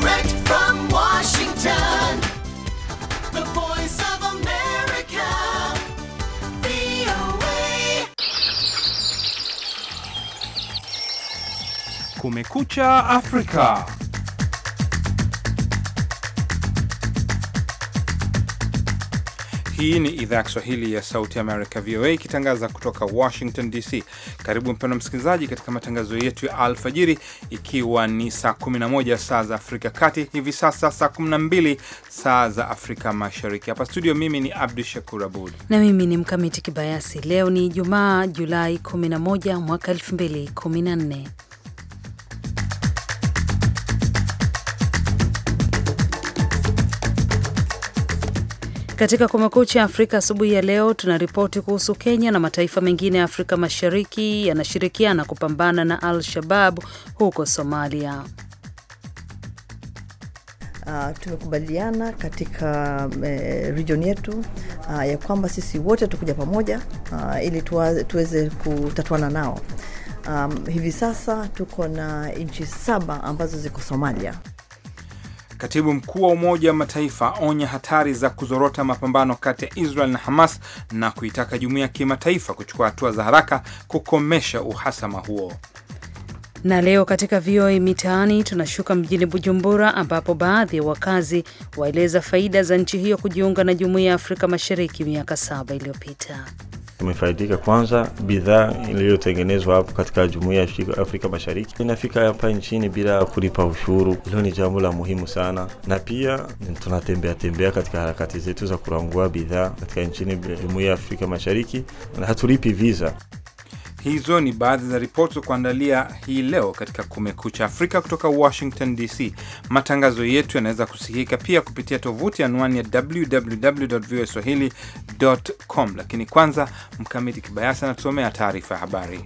Direct from Washington, the voice of America, VOA. Kumekucha Afrika. Hii ni idhaa ya Kiswahili ya Sauti Amerika, VOA, ikitangaza kutoka Washington DC. Karibu mpendwa msikilizaji, katika matangazo yetu ya alfajiri, ikiwa ni saa 11 saa za Afrika kati hivi sasa, saa 12 saa za Afrika Mashariki. Hapa studio, mimi ni Abdu Shakur Abud na mimi ni Mkamiti Kibayasi. Leo ni Jumaa, Julai 11 mwaka 2014. Katika Kumekucha Afrika asubuhi ya leo, tunaripoti kuhusu Kenya na mataifa mengine ya Afrika Mashariki yanashirikiana kupambana na Al-Shabab huko Somalia. Uh, tumekubaliana katika uh, region yetu uh, ya kwamba sisi wote tukuja pamoja uh, ili tuwa, tuweze kutatuana nao. Um, hivi sasa tuko na nchi saba ambazo ziko Somalia. Katibu mkuu wa Umoja wa Mataifa onya hatari za kuzorota mapambano kati ya Israel na Hamas na kuitaka jumuiya ya kimataifa kuchukua hatua za haraka kukomesha uhasama huo. Na leo katika VOA Mitaani tunashuka mjini Bujumbura, ambapo baadhi ya wakazi waeleza faida za nchi hiyo kujiunga na jumuiya ya Afrika Mashariki miaka saba iliyopita tumefaidika kwanza, bidhaa iliyotengenezwa hapo katika jumuiya ya Afrika Mashariki inafika hapa nchini bila kulipa ushuru. Hilo ni jambo la muhimu sana, na pia tunatembea tembea katika harakati zetu za kurangua bidhaa katika nchini jumuiya ya Afrika Mashariki na hatulipi visa. Hizo ni baadhi za ripoti za kuandalia hii leo katika Kumekucha Afrika kutoka Washington DC. Matangazo yetu yanaweza kusikika pia kupitia tovuti anwani ya www voa swahili com, lakini kwanza Mkamiti Kibayasi anatusomea taarifa ya habari.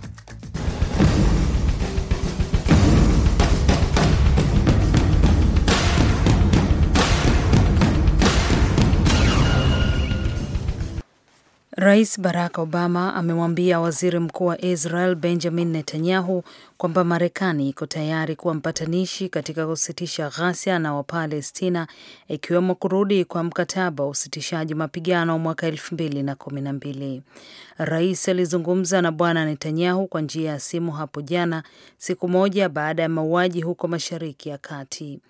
Rais Barack Obama amemwambia waziri mkuu wa Israel Benjamin Netanyahu kwamba Marekani iko tayari kuwa mpatanishi katika kusitisha ghasia na Wapalestina, ikiwemo kurudi kwa mkataba wa usitishaji mapigano mwaka elfu mbili na kumi na mbili. Rais alizungumza na Bwana Netanyahu kwa njia ya simu hapo jana, siku moja baada ya mauaji huko Mashariki ya Kati.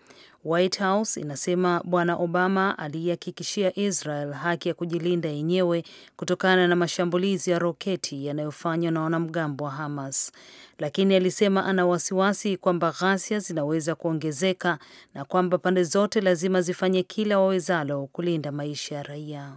White House inasema Bwana Obama aliihakikishia Israel haki ya kujilinda yenyewe kutokana na mashambulizi ya roketi yanayofanywa na wanamgambo wa Hamas, lakini alisema ana wasiwasi kwamba ghasia zinaweza kuongezeka na kwamba pande zote lazima zifanye kila wawezalo kulinda maisha ya raia.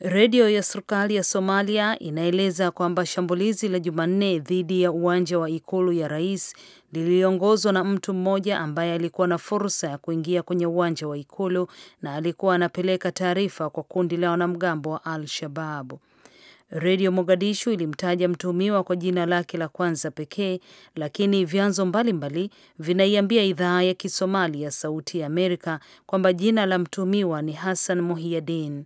Redio ya serikali ya Somalia inaeleza kwamba shambulizi la Jumanne dhidi ya uwanja wa ikulu ya rais liliongozwa na mtu mmoja ambaye alikuwa na fursa ya kuingia kwenye uwanja wa ikulu na alikuwa anapeleka taarifa kwa kundi la wanamgambo wa al Shabab. Redio Mogadishu ilimtaja mtuhumiwa kwa jina lake la kwanza pekee, lakini vyanzo mbalimbali vinaiambia idhaa ya Kisomali ya Sauti ya Amerika kwamba jina la mtuhumiwa ni Hassan muhiyadin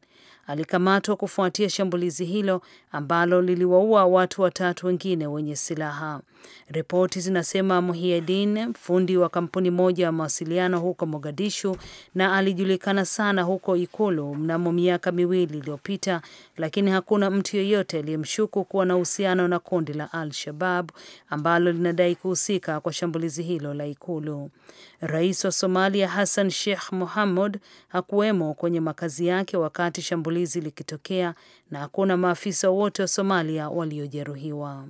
alikamatwa kufuatia shambulizi hilo ambalo liliwaua watu watatu wengine wenye silaha. Ripoti zinasema Muhiedin, fundi wa kampuni moja ya mawasiliano huko Mogadishu, na alijulikana sana huko ikulu mnamo miaka miwili iliyopita, lakini hakuna mtu yeyote aliyemshuku kuwa na uhusiano na kundi la Al-Shabab ambalo linadai kuhusika kwa shambulizi hilo la ikulu. Rais wa Somalia Hassan Sheikh Mohamud hakuwemo kwenye makazi yake wakati shambulizi likitokea na hakuna maafisa wote wa Somalia waliojeruhiwa.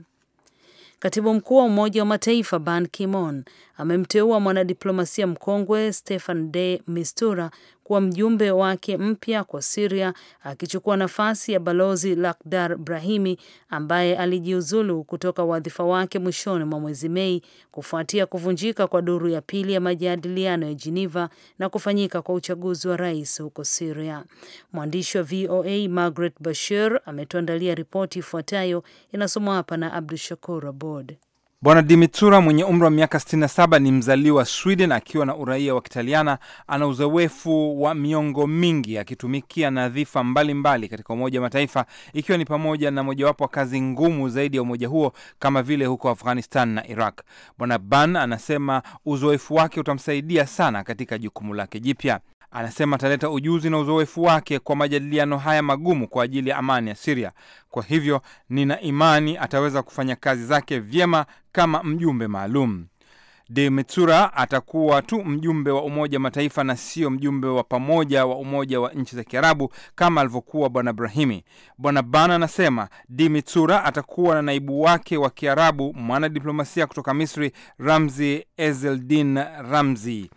Katibu mkuu wa Umoja wa Mataifa Ban Ki-moon amemteua mwanadiplomasia mkongwe Stefan de Mistura kuwa mjumbe wake mpya kwa Syria akichukua nafasi ya Balozi Lakhdar Brahimi ambaye alijiuzulu kutoka wadhifa wake mwishoni mwa mwezi Mei kufuatia kuvunjika kwa duru ya pili ya majadiliano ya Geneva na kufanyika kwa uchaguzi wa rais huko Syria. Mwandishi wa VOA Margaret Bashir ametuandalia ripoti ifuatayo, inasomwa hapa na shakur Abod. Bwana Dimitsura mwenye umri wa miaka 67 ni mzaliwa wa Sweden akiwa na uraia wa Kitaliana. Ana uzoefu wa miongo mingi akitumikia nadhifa mbalimbali katika Umoja wa Mataifa, ikiwa ni pamoja na mojawapo wa kazi ngumu zaidi ya umoja huo kama vile huko Afghanistan na Iraq. Bwana Ban anasema uzoefu wake utamsaidia sana katika jukumu lake jipya. Anasema ataleta ujuzi na uzoefu wake kwa majadiliano haya magumu kwa ajili ya amani ya Siria. Kwa hivyo, nina imani ataweza kufanya kazi zake vyema kama mjumbe maalum. De Mitsura atakuwa tu mjumbe wa Umoja wa Mataifa na sio mjumbe wa pamoja wa Umoja wa Nchi za Kiarabu kama alivyokuwa Bwana Brahimi. Bwana Bana anasema De Mitsura atakuwa na naibu wake wa Kiarabu, mwanadiplomasia kutoka Misri, Ramzi Ezeldin Ramzi.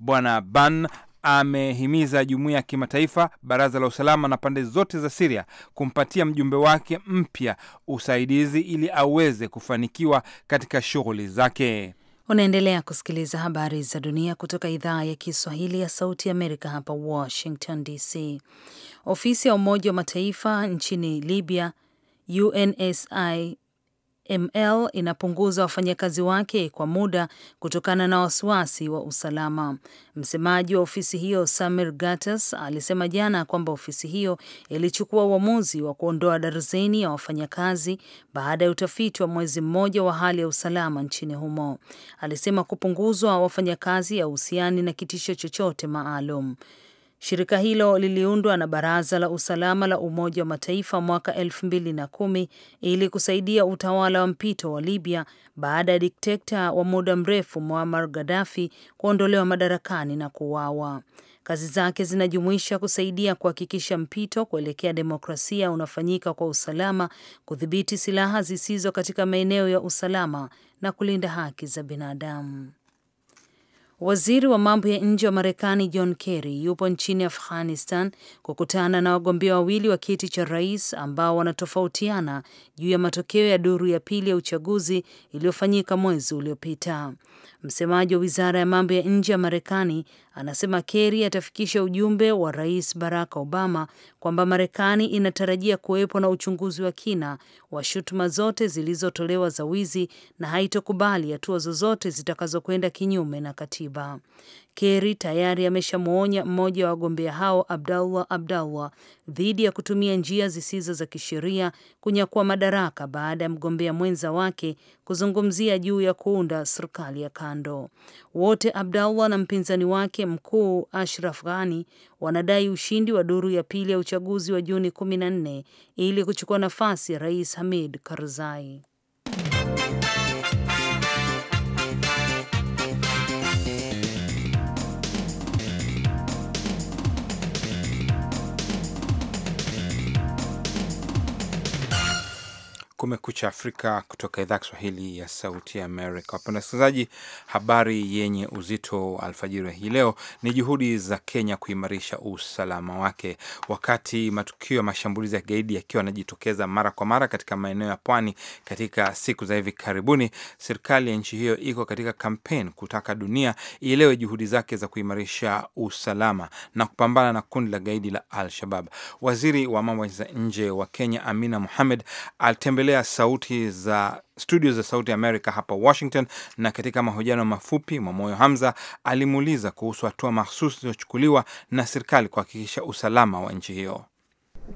Bwana Ban amehimiza jumuiya ya kimataifa, baraza la usalama na pande zote za Siria kumpatia mjumbe wake mpya usaidizi ili aweze kufanikiwa katika shughuli zake. Unaendelea kusikiliza habari za dunia kutoka idhaa ya Kiswahili ya Sauti ya Amerika, hapa Washington DC. Ofisi ya Umoja wa Mataifa nchini Libya, UNSI ML inapunguza wafanyakazi wake kwa muda kutokana na wasiwasi wa usalama. Msemaji wa ofisi hiyo Samir Gatas alisema jana kwamba ofisi hiyo ilichukua uamuzi wa kuondoa darzeni ya wafanyakazi baada ya utafiti wa mwezi mmoja wa hali ya usalama nchini humo. Alisema kupunguzwa wafanyakazi hauhusiani na kitisho chochote maalum. Shirika hilo liliundwa na Baraza la Usalama la Umoja wa Mataifa mwaka kumi ili kusaidia utawala wa mpito wa Libya baada ya dikteta wa muda mrefu Muammar Gaddafi kuondolewa madarakani na kuuawa. Kazi zake zinajumuisha kusaidia kuhakikisha mpito kuelekea demokrasia unafanyika kwa usalama, kudhibiti silaha zisizo katika maeneo ya usalama na kulinda haki za binadamu. Waziri wa mambo ya nje wa Marekani John Kerry yupo nchini Afghanistan kukutana na wagombea wawili wa kiti cha rais ambao wanatofautiana juu ya matokeo ya duru ya pili ya uchaguzi iliyofanyika mwezi uliopita. Msemaji wa wizara ya mambo ya nje ya Marekani anasema Kerry atafikisha ujumbe wa Rais Barack Obama kwamba Marekani inatarajia kuwepo na uchunguzi wa kina wa shutuma zote zilizotolewa za wizi na haitokubali hatua zozote zitakazokwenda kinyume na katiba katiba. Kerry tayari ameshamwonya mmoja wa wagombea hao Abdallah Abdallah dhidi ya kutumia njia zisizo za kisheria kunyakua madaraka baada ya mgombea mwenza wake kuzungumzia juu ya kuunda serikali ya kando. Wote Abdallah na mpinzani wake mkuu Ashraf Ghani wanadai ushindi wa duru ya pili ya uchaguzi wa Juni 14 ili kuchukua nafasi ya Rais Hamid Karzai. Kumekucha Afrika kutoka idhaa Kiswahili ya Sauti ya Amerika. Wapenda wasikilizaji, habari yenye uzito alfajiri hii leo ni juhudi za Kenya kuimarisha usalama wake wakati matukio ya mashambulizi ya kigaidi yakiwa yanajitokeza mara kwa mara katika maeneo ya pwani. Katika siku za hivi karibuni, serikali ya nchi hiyo iko katika kampeni kutaka dunia ielewe juhudi zake za kuimarisha usalama na kupambana na kundi la gaidi la Al Shabab. Waziri wa mambo ya nje wa Kenya Amina Mohamed alitembelea kurejelea sauti za studio za Sauti Amerika hapa Washington. Na katika mahojiano mafupi, Mwamoyo Hamza alimuuliza kuhusu hatua mahsusi zilizochukuliwa na serikali kuhakikisha usalama wa nchi hiyo.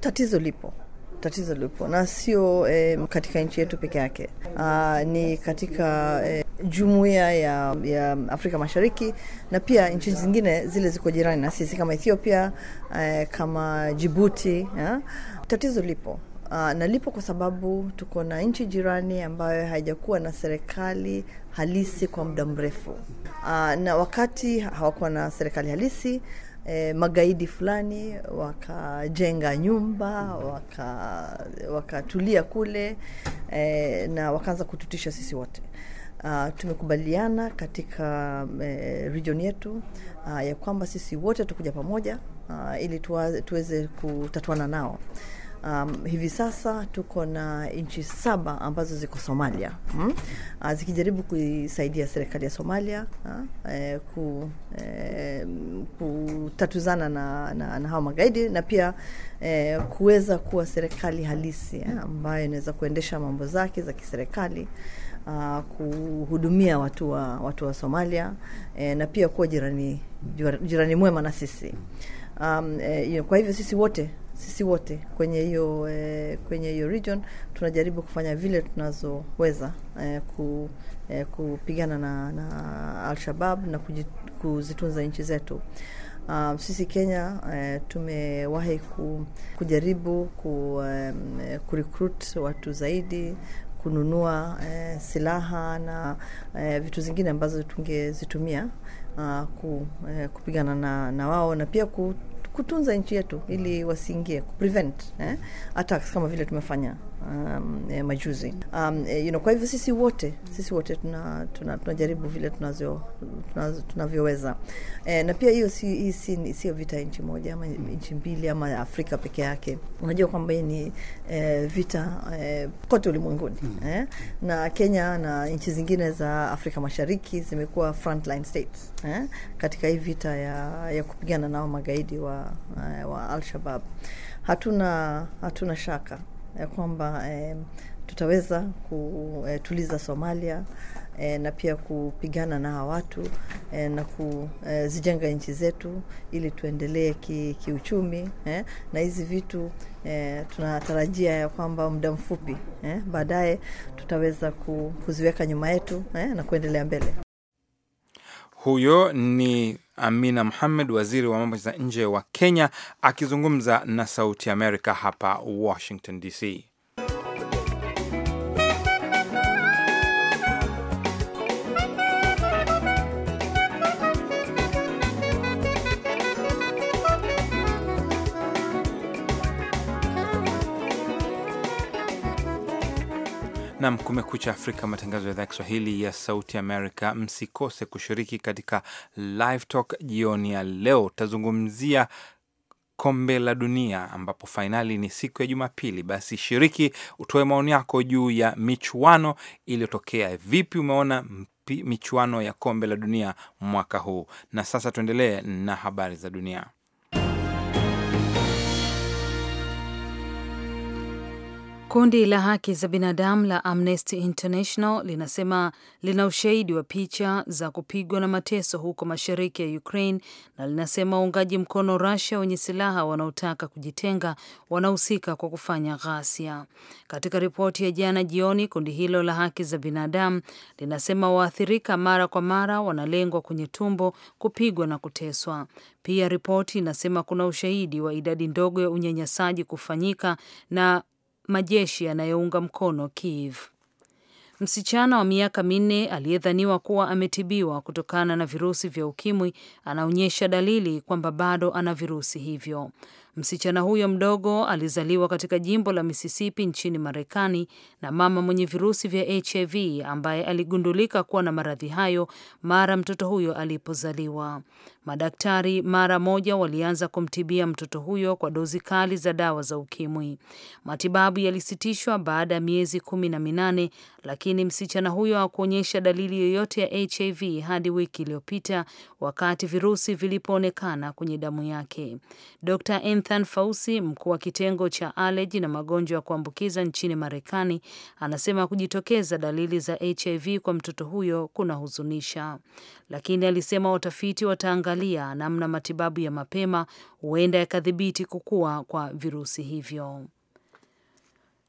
Tatizo lipo tatizo lipo na sio eh, katika nchi yetu peke yake. Aa, ah, ni katika eh, jumuiya ya, ya Afrika Mashariki na pia nchi zingine zile ziko jirani na sisi kama Ethiopia eh, kama Jibuti ya? Eh. Tatizo lipo. Uh, nalipo kwa sababu tuko na nchi jirani ambayo haijakuwa na serikali halisi kwa muda mrefu. Uh, na wakati hawakuwa na serikali halisi E, magaidi fulani wakajenga nyumba wakatulia waka kule e, na wakaanza kututisha sisi wote. Uh, tumekubaliana katika e, region yetu uh, ya kwamba sisi wote tukuja pamoja uh, ili tuweze kutatuana nao. Um, hivi sasa tuko na nchi saba ambazo ziko Somalia hmm? Uh, zikijaribu kuisaidia serikali ya Somalia eh, ku, eh, kutatuzana na, na, na hao magaidi na pia eh, kuweza kuwa serikali halisi eh, ambayo inaweza kuendesha mambo zake za kiserikali. Uh, kuhudumia watu wa, watu wa Somalia eh, na pia kuwa jirani, jirani mwema na sisi um, eh, kwa hivyo sisi wote sisi wote kwenye hiyo e, kwenye hiyo region tunajaribu kufanya vile tunazoweza e, ku, e, kupigana na, na Al-Shabab na kujit, kuzitunza nchi zetu. Um, sisi Kenya eh, tumewahi ku, kujaribu ku, um, kurecruit watu zaidi kununua eh, silaha na eh, vitu zingine ambazo tungezitumia uh, ku, eh, kupigana na, na wao na pia ku, kutunza nchi yetu ili wasiingie kuprevent eh, attacks kama vile tumefanya um, eh, majuzi um, eh, you know, kwa hivyo sisi wote sisi wote tunajaribu tuna, tuna, tuna vile tunavyoweza tuna eh, e, na pia hiyo si, si, siyo vita nchi moja ama nchi mbili ama Afrika peke yake. Unajua kwamba hii ni e, vita e, kote ulimwenguni mm. eh? na Kenya na nchi zingine za Afrika Mashariki zimekuwa frontline states eh? katika hii vita ya, ya kupigana nao magaidi wa, wa alshabab Hatuna, hatuna shaka ya kwamba eh, tutaweza kutuliza eh, Somalia eh, na pia kupigana na hawa watu eh, na kuzijenga eh, nchi zetu ili tuendelee ki, kiuchumi eh, na hizi vitu eh, tunatarajia ya kwamba muda mfupi eh, baadaye tutaweza kuziweka nyuma yetu eh, na kuendelea mbele. Huyo ni Amina Mohamed, waziri wa mambo za nje wa Kenya, akizungumza na Sauti Amerika hapa Washington DC. Nam kumekucha Afrika, matangazo ya idhaa ya Kiswahili ya sauti Amerika. Msikose kushiriki katika live talk jioni ya leo. Tazungumzia kombe la dunia ambapo fainali ni siku ya Jumapili. Basi shiriki, utoe maoni yako juu ya michuano iliyotokea. Vipi umeona michuano ya kombe la dunia mwaka huu? Na sasa tuendelee na habari za dunia. Kundi la haki za binadamu la Amnesty International linasema lina ushahidi wa picha za kupigwa na mateso huko mashariki ya Ukraine na linasema waungaji mkono Russia wenye silaha wanaotaka kujitenga wanahusika kwa kufanya ghasia. Katika ripoti ya jana jioni, kundi hilo la haki za binadamu linasema waathirika mara kwa mara wanalengwa kwenye tumbo, kupigwa na kuteswa. Pia ripoti inasema kuna ushahidi wa idadi ndogo ya unyanyasaji kufanyika na majeshi yanayounga mkono Kiev. Msichana wa miaka minne aliyedhaniwa kuwa ametibiwa kutokana na virusi vya ukimwi anaonyesha dalili kwamba bado ana virusi hivyo. Msichana huyo mdogo alizaliwa katika jimbo la Mississippi nchini Marekani na mama mwenye virusi vya HIV ambaye aligundulika kuwa na maradhi hayo mara mtoto huyo alipozaliwa. Madaktari mara moja walianza kumtibia mtoto huyo kwa dozi kali za dawa za ukimwi. Matibabu yalisitishwa baada ya miezi kumi na minane, lakini msichana huyo hakuonyesha dalili yoyote ya HIV hadi wiki iliyopita wakati virusi vilipoonekana kwenye damu yake. Dr. Jonathan Fauci, mkuu wa kitengo cha aleji na magonjwa ya kuambukiza nchini Marekani, anasema kujitokeza dalili za HIV kwa mtoto huyo kunahuzunisha, lakini alisema watafiti wataangalia namna matibabu ya mapema huenda yakadhibiti kukua kwa virusi hivyo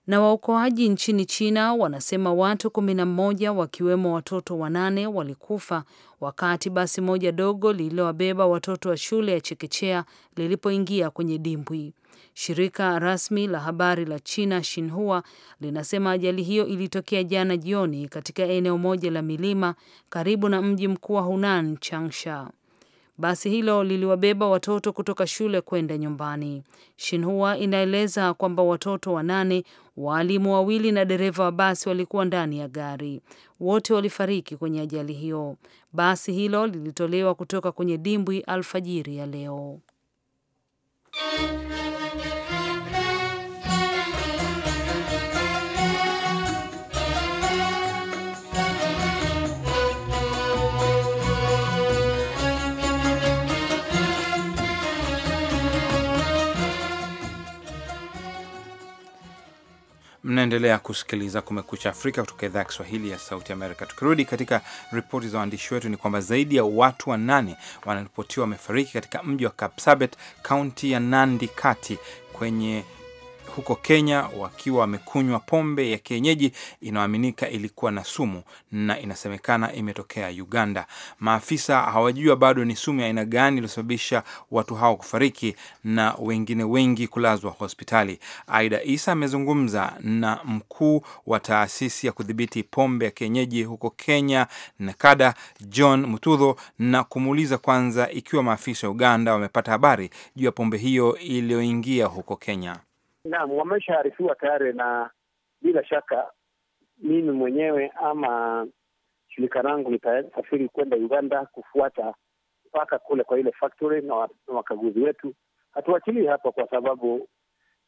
na waokoaji nchini China wanasema watu kumi na mmoja wakiwemo watoto wanane walikufa wakati basi moja dogo lililowabeba watoto wa shule ya chekechea lilipoingia kwenye dimbwi. Shirika rasmi la habari la China Shinhua linasema ajali hiyo ilitokea jana jioni katika eneo moja la milima karibu na mji mkuu wa Hunan, Changsha. Basi hilo liliwabeba watoto kutoka shule kwenda nyumbani. Shinhua inaeleza kwamba watoto wanane, waalimu wawili na dereva wa basi walikuwa ndani ya gari. Wote walifariki kwenye ajali hiyo. Basi hilo lilitolewa kutoka kwenye dimbwi alfajiri ya leo. Mnaendelea kusikiliza Kumekucha Afrika kutoka idhaa ya Kiswahili ya Sauti Amerika. Tukirudi katika ripoti za waandishi wetu, ni kwamba zaidi ya watu wanane wanaripotiwa wamefariki katika mji wa Kapsabet, kaunti ya Nandi kati kwenye huko Kenya wakiwa wamekunywa pombe ya kienyeji inayoaminika ilikuwa na sumu na inasemekana imetokea Uganda. Maafisa hawajua bado ni sumu ya aina gani iliyosababisha watu hao kufariki na wengine wengi kulazwa hospitali. Aida Isa amezungumza na mkuu wa taasisi ya kudhibiti pombe ya kienyeji huko Kenya, kada John Mutudho na kumuuliza kwanza ikiwa maafisa wa Uganda wamepata habari juu ya pombe hiyo iliyoingia huko Kenya. Naam, wameshaarifiwa tayari, na bila shaka mimi mwenyewe ama shirika langu litasafiri kwenda Uganda kufuata mpaka kule kwa ile factory na wakaguzi wetu. Hatuachilii hapa kwa sababu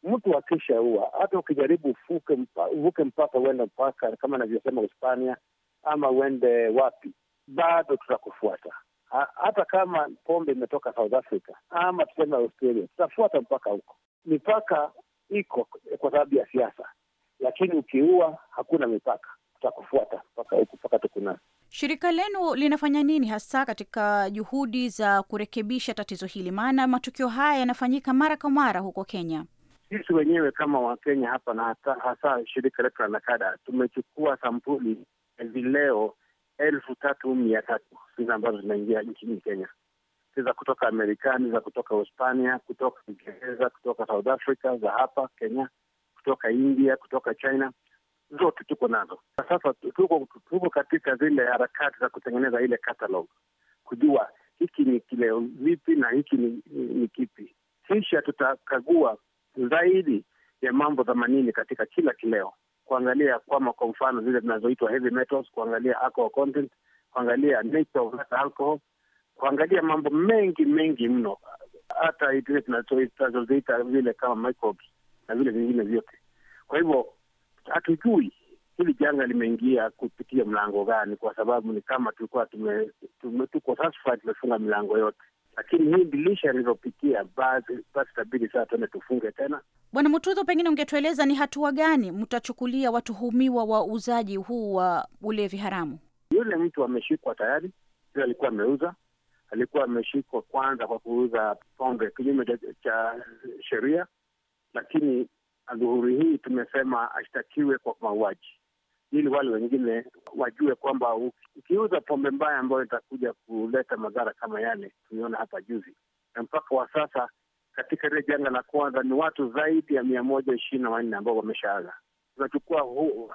mtu akisha ua hata ukijaribu uvuke mpaka uende mpaka kama anavyosema Hispania ama uende wapi, bado tutakufuata hata kama pombe imetoka South Africa ama tuseme Australia, tutafuata mpaka huko. Mipaka iko kwa sababu ya siasa, lakini ukiua hakuna mipaka, tutakufuata mpaka huku mpaka tukunasa. Shirika lenu linafanya nini hasa katika juhudi za kurekebisha tatizo hili? Maana matukio haya yanafanyika mara kwa mara huko Kenya. Sisi wenyewe kama Wakenya hapa na hata, hasa shirika letu la Nakada tumechukua sampuli vileo elfu tatu mia tatu hizi ambazo zinaingia nchini Kenya za kutoka Amerikani, za kutoka Hispania, kutoka Uingereza, kutoka South Africa, za hapa Kenya, kutoka India, kutoka China, zote tuko nazo. Sasa tuko, tuko katika zile harakati za kutengeneza ile catalog, kujua hiki ni kileo vipi na hiki ni, ni, kipi, kisha tutakagua zaidi ya mambo themanini katika kila kileo, kuangalia kwama, kwa mfano zile zinazoitwa heavy metals, kuangalia alcohol content, kuangalia nature of alcohol kuangalia mambo mengi mengi mno, hata tunazoziita vile kama microbes na vile vingine vyote. Kwa hivyo hatujui hili janga limeingia kupitia mlango gani, kwa sababu ni kama tulikuwa tume, tume, tuko sasa tumefunga milango yote, lakini hii dirisha lililopitia basi tabidi sasa tuende tufunge tena. Bwana Mutudho, pengine ungetueleza ni hatua gani mtachukulia watuhumiwa wa uuzaji huu wa ulevi haramu? Yule mtu ameshikwa tayari, yule alikuwa ameuza alikuwa ameshikwa kwanza kwa kuuza pombe kinyume cha sheria, lakini adhuhuri hii tumesema ashtakiwe kwa mauaji, ili wale wengine wajue kwamba ukiuza pombe mbaya ambayo itakuja kuleta madhara kama yale tuliona hapa juzi, na mpaka wa sasa katika ile janga la kwanza ni watu zaidi ya mia moja ishirini na wanne ambao wameshaaga. Tunachukua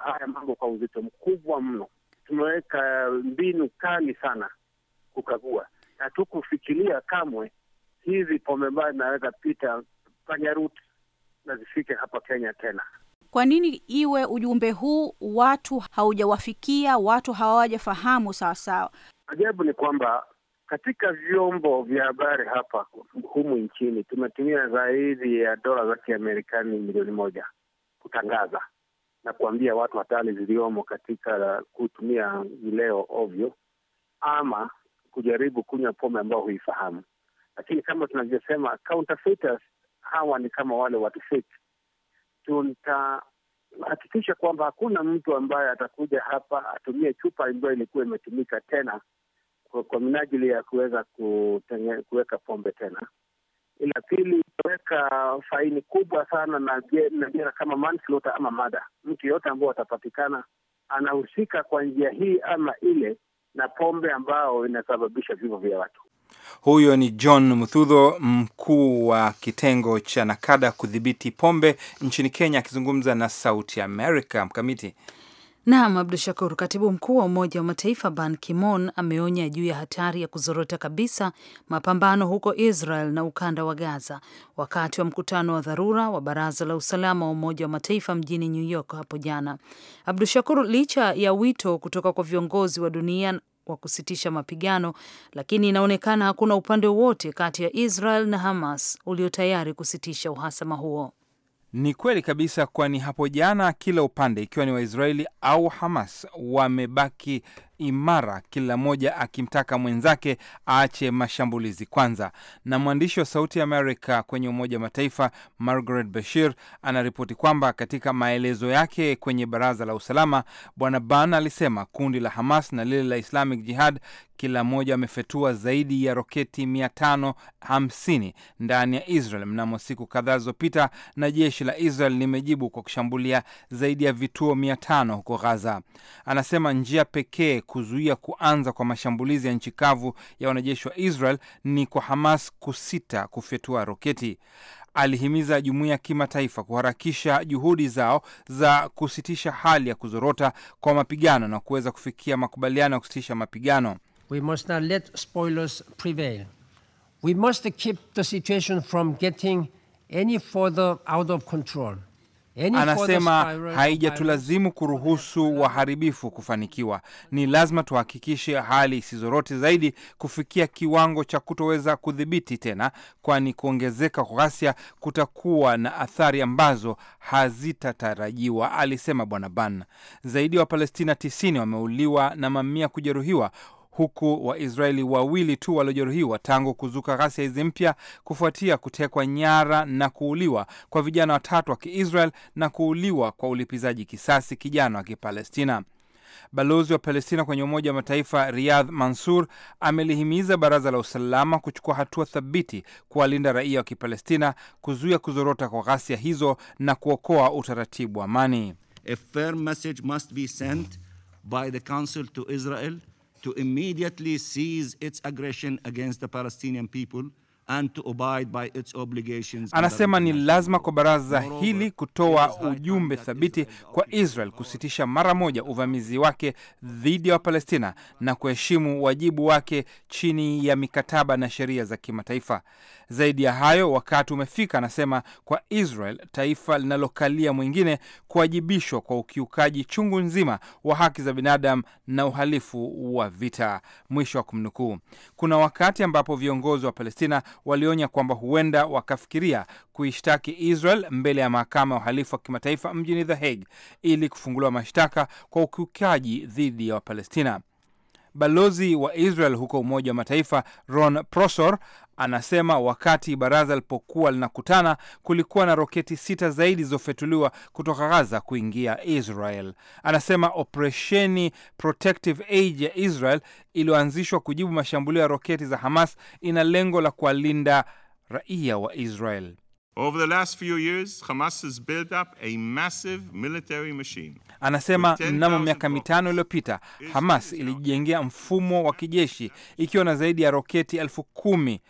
haya mambo kwa uzito mkubwa mno. Tumeweka mbinu kali sana kukagua hatukufikiria kamwe hizi pombe mbaya zinaweza pita fanya ruti na zifike hapa Kenya tena. Kwa nini iwe ujumbe huu watu haujawafikia, watu hawajafahamu sawasawa? Ajabu ni kwamba katika vyombo vya habari hapa humu nchini tumetumia zaidi ya dola za Kiamerikani milioni moja kutangaza na kuambia watu hatari ziliomo katika kutumia vileo ovyo ama kujaribu kunywa pombe ambao huifahamu. Lakini kama tunavyosema, counterfeiters hawa ni kama wale watu fake. Tutahakikisha kwamba hakuna mtu ambaye atakuja hapa atumie chupa ambayo ilikuwa imetumika tena kwa, kwa minajili ya kuweza kuweka pombe tena. Ila pili, weka faini kubwa sana na jera kama manslaughter ama mada. Mtu yoyote ambao atapatikana anahusika kwa njia hii ama ile na pombe ambao inasababisha vifo vya watu. Huyo ni John muthudho mkuu wa kitengo cha Nakada kudhibiti pombe nchini Kenya, akizungumza na Sauti america Mkamiti Naam, Abdu Shakur. Katibu mkuu wa Umoja wa Mataifa Ban Kimon ameonya juu ya hatari ya kuzorota kabisa mapambano huko Israel na ukanda wa Gaza wakati wa mkutano wa dharura wa Baraza la Usalama wa Umoja wa Mataifa mjini New York hapo jana. Abdu Shakur, licha ya wito kutoka kwa viongozi wa dunia wa kusitisha mapigano, lakini inaonekana hakuna upande wowote kati ya Israel na Hamas ulio tayari kusitisha uhasama huo. Ni kweli kabisa, kwani hapo jana kila upande, ikiwa ni Waisraeli au Hamas, wamebaki imara, kila mmoja akimtaka mwenzake aache mashambulizi kwanza. Na mwandishi wa Sauti ya Amerika kwenye Umoja wa Mataifa Margaret Bashir anaripoti kwamba katika maelezo yake kwenye Baraza la Usalama, Bwana Ban alisema kundi la Hamas na lile la Islamic Jihad kila mmoja amefetua zaidi ya roketi 550 ndani ya Israel mnamo siku kadhaa zilizopita, na jeshi la Israel limejibu kwa kushambulia zaidi ya vituo 500 huko Gaza. Anasema njia pekee kuzuia kuanza kwa mashambulizi ya nchi kavu ya wanajeshi wa Israel ni kwa Hamas kusita kufyatua roketi. Alihimiza jumuiya ya kimataifa kuharakisha juhudi zao za kusitisha hali ya kuzorota kwa mapigano na kuweza kufikia makubaliano ya kusitisha mapigano. We must not let spoilers prevail. We must keep the situation from getting any further out of control. Anasema haijatulazimu kuruhusu uh, waharibifu kufanikiwa. Ni lazima tuhakikishe hali isizoroti zaidi kufikia kiwango cha kutoweza kudhibiti tena, kwani kuongezeka kwa ghasia kutakuwa na athari ambazo hazitatarajiwa, alisema Bwana Ban. Zaidi ya Wapalestina 90 wameuliwa na mamia kujeruhiwa huku Waisraeli wawili tu waliojeruhiwa tangu kuzuka ghasia hizi mpya kufuatia kutekwa nyara na kuuliwa kwa vijana watatu wa Kiisrael na kuuliwa kwa ulipizaji kisasi kijana wa Kipalestina. Balozi wa Palestina kwenye Umoja wa Mataifa Riyadh Mansur amelihimiza Baraza la Usalama kuchukua hatua thabiti kuwalinda raia wa Kipalestina, kuzuia kuzorota kwa ghasia hizo na kuokoa utaratibu wa amani. A firm message must be sent by the Council to Israel to immediately cease its aggression against the Palestinian people And to abide by its obligations. Anasema ni lazima kwa baraza hili kutoa ujumbe thabiti kwa Israel kusitisha mara moja uvamizi wake dhidi ya wa Wapalestina na kuheshimu wajibu wake chini ya mikataba na sheria za kimataifa. Zaidi ya hayo, wakati umefika, anasema kwa Israel, taifa linalokalia mwingine, kuwajibishwa kwa ukiukaji chungu nzima wa haki za binadamu na uhalifu wa vita. Mwisho wa kumnukuu. Kuna wakati ambapo viongozi wa Palestina walionya kwamba huenda wakafikiria kuishtaki Israel mbele ya mahakama ya uhalifu wa kimataifa mjini The Hague ili kufunguliwa mashtaka kwa ukiukaji dhidi ya Wapalestina. Balozi wa Israel huko Umoja wa Mataifa Ron Prosor anasema wakati baraza lilipokuwa linakutana kulikuwa na roketi sita zaidi zilizofyatuliwa kutoka Gaza kuingia Israel. Anasema operesheni Protective Age ya Israel iliyoanzishwa kujibu mashambulio ya roketi za Hamas ina lengo la kuwalinda raia wa Israel. Over the last few years, Hamas has built up a massive military machine. Anasema mnamo miaka mitano iliyopita Hamas ilijengea mfumo wa kijeshi ikiwa na zaidi ya roketi elfu kumi.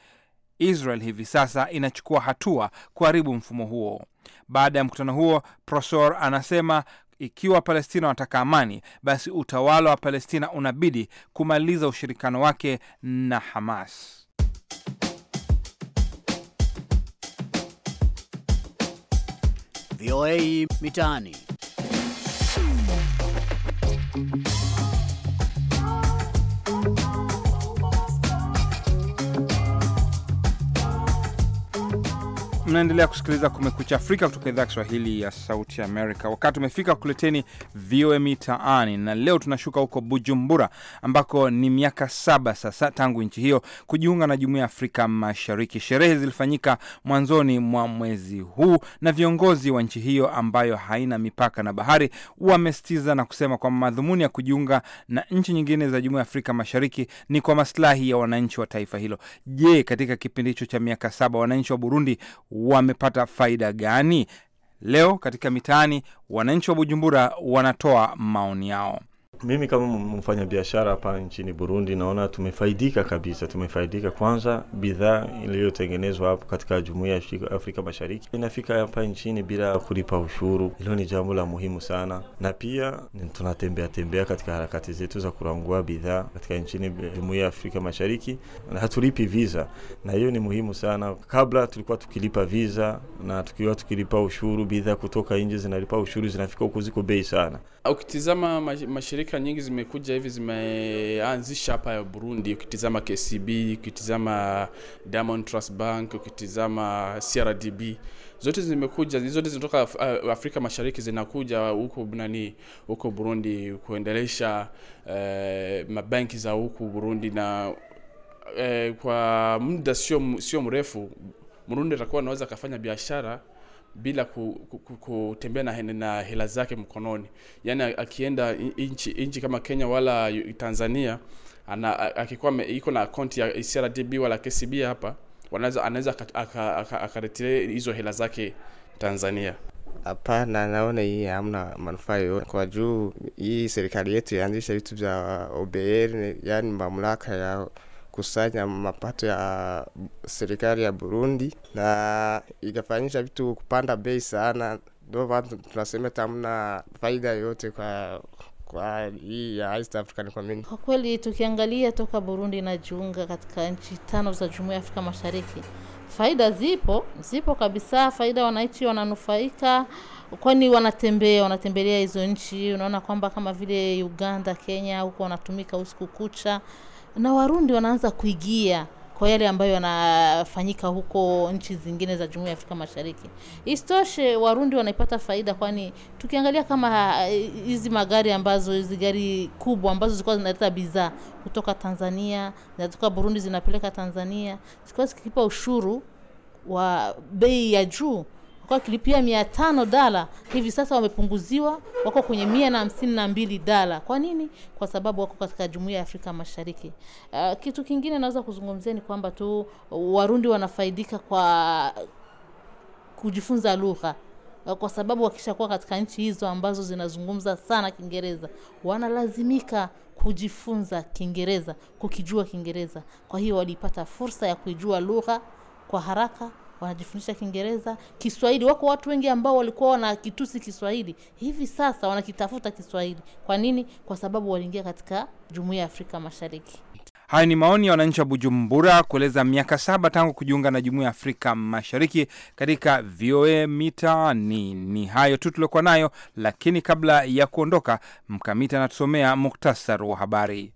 Israel hivi sasa inachukua hatua kuharibu mfumo huo. Baada ya mkutano huo, Prosor anasema ikiwa Palestina wanataka amani, basi utawala wa Palestina unabidi kumaliza ushirikano wake na Hamas. VOA Mitaani. Mnaendelea kusikiliza Kumekucha Afrika kutoka idhaa ya Kiswahili ya Sauti Amerika. Wakati umefika kuleteni VOA Mitaani, na leo tunashuka huko Bujumbura ambako ni miaka saba sasa tangu nchi hiyo kujiunga na Jumuiya ya Afrika Mashariki. Sherehe zilifanyika mwanzoni mwa mwezi huu, na viongozi wa nchi hiyo ambayo haina mipaka na bahari wamesitiza na kusema kwamba madhumuni ya kujiunga na nchi nyingine za Jumuiya ya Afrika Mashariki ni kwa maslahi ya wananchi wa taifa hilo. Je, katika kipindi hicho cha miaka saba wananchi wa Burundi wamepata faida gani? Leo katika mitaani, wananchi wa Bujumbura wanatoa maoni yao. Mimi kama mfanya biashara hapa nchini Burundi naona tumefaidika kabisa. Tumefaidika kwanza, bidhaa iliyotengenezwa hapo katika jumuiya ya Afrika Mashariki inafika hapa nchini bila kulipa ushuru. Hilo ni jambo la muhimu sana, na pia tunatembea tembea katika harakati zetu za kurangua bidhaa katika nchini jumuiya ya Afrika Mashariki na hatulipi visa, na hiyo ni muhimu sana. Kabla tulikuwa tukilipa visa na tukiwa tukilipa ushuru, bidhaa kutoka nje zinalipa ushuru, zinafika huku ziko bei sana. Ukitizama mashirika shirika nyingi zimekuja hivi zimeanzisha hapa Burundi. Ukitizama KCB, ukitizama Diamond Trust Bank, ukitizama CRDB, zote zimekuja, zote zinatoka uh, Afrika Mashariki, zinakuja huko nani, huko Burundi kuendelesha eh, mabanki za huku Burundi na eh, kwa muda sio sio mrefu Burundi atakuwa anaweza akafanya biashara bila kutembea na, na hela zake mkononi. Yaani akienda inchi, inchi kama Kenya wala Tanzania ana, akikuwa iko na akaunti ya CRDB wala KCB hapa wanaweza anaweza akaretire hizo hela zake Tanzania. Hapana, naona hii hamna manufaa yoyote kwa juu hii serikali yetu yaanzisha vitu vya OBR, yaani mamlaka ya kusanya mapato ya serikali ya Burundi na ikafanyisha vitu kupanda bei sana, ndio watu tunasema tamna faida yoyote kwa kwa hii ya East African Community. Kwa kweli tukiangalia toka Burundi inajiunga katika nchi tano za Jumuiya ya Afrika Mashariki, faida zipo, zipo kabisa. Faida wananchi wananufaika, kwani wanatembea, wanatembelea hizo nchi. Unaona kwamba kama vile Uganda, Kenya, huko wanatumika usiku kucha na Warundi wanaanza kuigia kwa yale ambayo yanafanyika huko nchi zingine za Jumuiya ya Afrika Mashariki. Isitoshe, Warundi wanaipata faida, kwani tukiangalia kama eh, hizi magari ambazo hizi gari kubwa ambazo zilikuwa zinaleta bidhaa kutoka Tanzania, zinatoka Burundi zinapeleka Tanzania, zilikuwa zikipa ushuru wa bei ya juu kwa kilipia mia tano dala, hivi sasa wamepunguziwa wako kwenye mia na hamsini na mbili dala. Kwa nini? Kwa sababu wako katika jumuiya ya Afrika Mashariki. Uh, kitu kingine naweza kuzungumzia ni kwamba tu uh, Warundi wanafaidika kwa kujifunza lugha uh, kwa sababu wakishakuwa katika nchi hizo ambazo zinazungumza sana Kiingereza wanalazimika kujifunza Kiingereza, kukijua Kiingereza. Kwa hiyo walipata fursa ya kuijua lugha kwa haraka wanajifundisha Kiingereza, Kiswahili. Wako watu wengi ambao walikuwa wana kitusi Kiswahili, hivi sasa wanakitafuta Kiswahili. Kwa nini? Kwa sababu waliingia katika Jumuiya ya Afrika Mashariki. Hayo ni maoni ya wananchi wa Bujumbura kueleza miaka saba tangu kujiunga na Jumuiya ya Afrika Mashariki. Katika VOA Mitaani ni hayo tu tuliokuwa nayo, lakini kabla ya kuondoka, Mkamita anatusomea muktasar wa habari.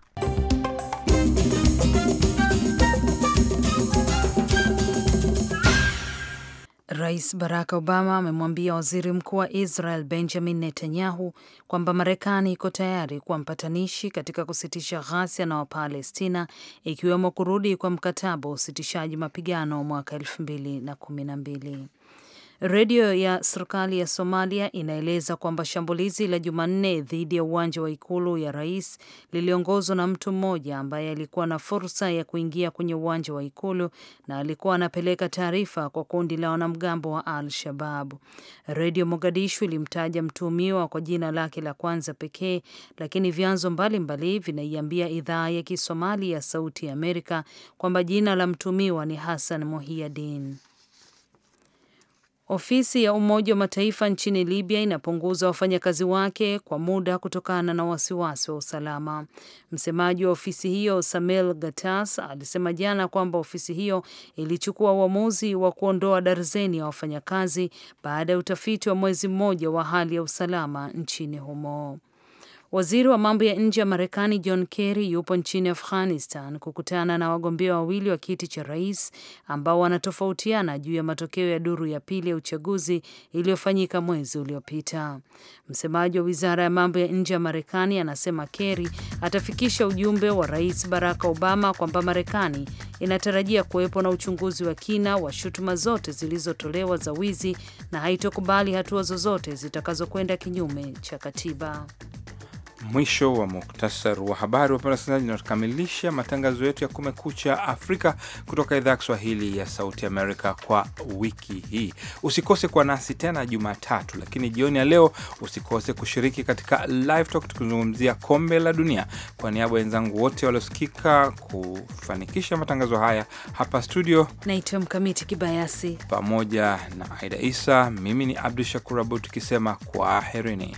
Rais Barack Obama amemwambia waziri mkuu wa Israel Benjamin Netanyahu kwamba Marekani iko tayari kuwa mpatanishi katika kusitisha ghasia na Wapalestina, ikiwemo kurudi kwa mkataba wa usitishaji mapigano mwaka elfu mbili na kumi na mbili. Redio ya serikali ya Somalia inaeleza kwamba shambulizi la Jumanne dhidi ya uwanja wa ikulu ya rais liliongozwa na mtu mmoja ambaye alikuwa na fursa ya kuingia kwenye uwanja wa ikulu na alikuwa anapeleka taarifa kwa kundi la wanamgambo wa Al Shababu. Redio Mogadishu ilimtaja mtuhumiwa kwa jina lake la kwanza pekee, lakini vyanzo mbalimbali vinaiambia idhaa ya Kisomali ya Sauti ya Amerika kwamba jina la mtuhumiwa ni Hassan Mohiadin. Ofisi ya Umoja wa Mataifa nchini Libya inapunguza wafanyakazi wake kwa muda kutokana na wasiwasi wa usalama. Msemaji wa ofisi hiyo Samel Gatas alisema jana kwamba ofisi hiyo ilichukua uamuzi wa kuondoa darzeni ya wafanyakazi baada ya utafiti wa mwezi mmoja wa hali ya usalama nchini humo. Waziri wa mambo ya nje ya Marekani John Kerry yupo nchini Afghanistan kukutana na wagombea wawili wa kiti cha rais ambao wanatofautiana juu ya matokeo ya duru ya pili ya uchaguzi iliyofanyika mwezi uliopita. Msemaji wa wizara ya mambo ya nje ya Marekani anasema Kerry atafikisha ujumbe wa Rais Barack Obama kwamba Marekani inatarajia kuwepo na uchunguzi wa kina wa shutuma zote zilizotolewa za wizi na haitokubali hatua zozote zitakazokwenda kinyume cha katiba. Mwisho wa muktasar wa habari. Wapenda wasikilizaji, natukamilisha matangazo yetu ya Kumekucha Afrika kutoka idhaa ya Kiswahili ya Sauti Amerika kwa wiki hii. Usikose kuwa nasi tena Jumatatu, lakini jioni ya leo usikose kushiriki katika live talk tukizungumzia kombe la dunia. Kwa niaba ya wenzangu wote waliosikika kufanikisha matangazo haya hapa studio, naitwa Mkamiti Kibayasi pamoja na Aida Isa, mimi ni Abdu Shakur Abud tukisema kwaherini.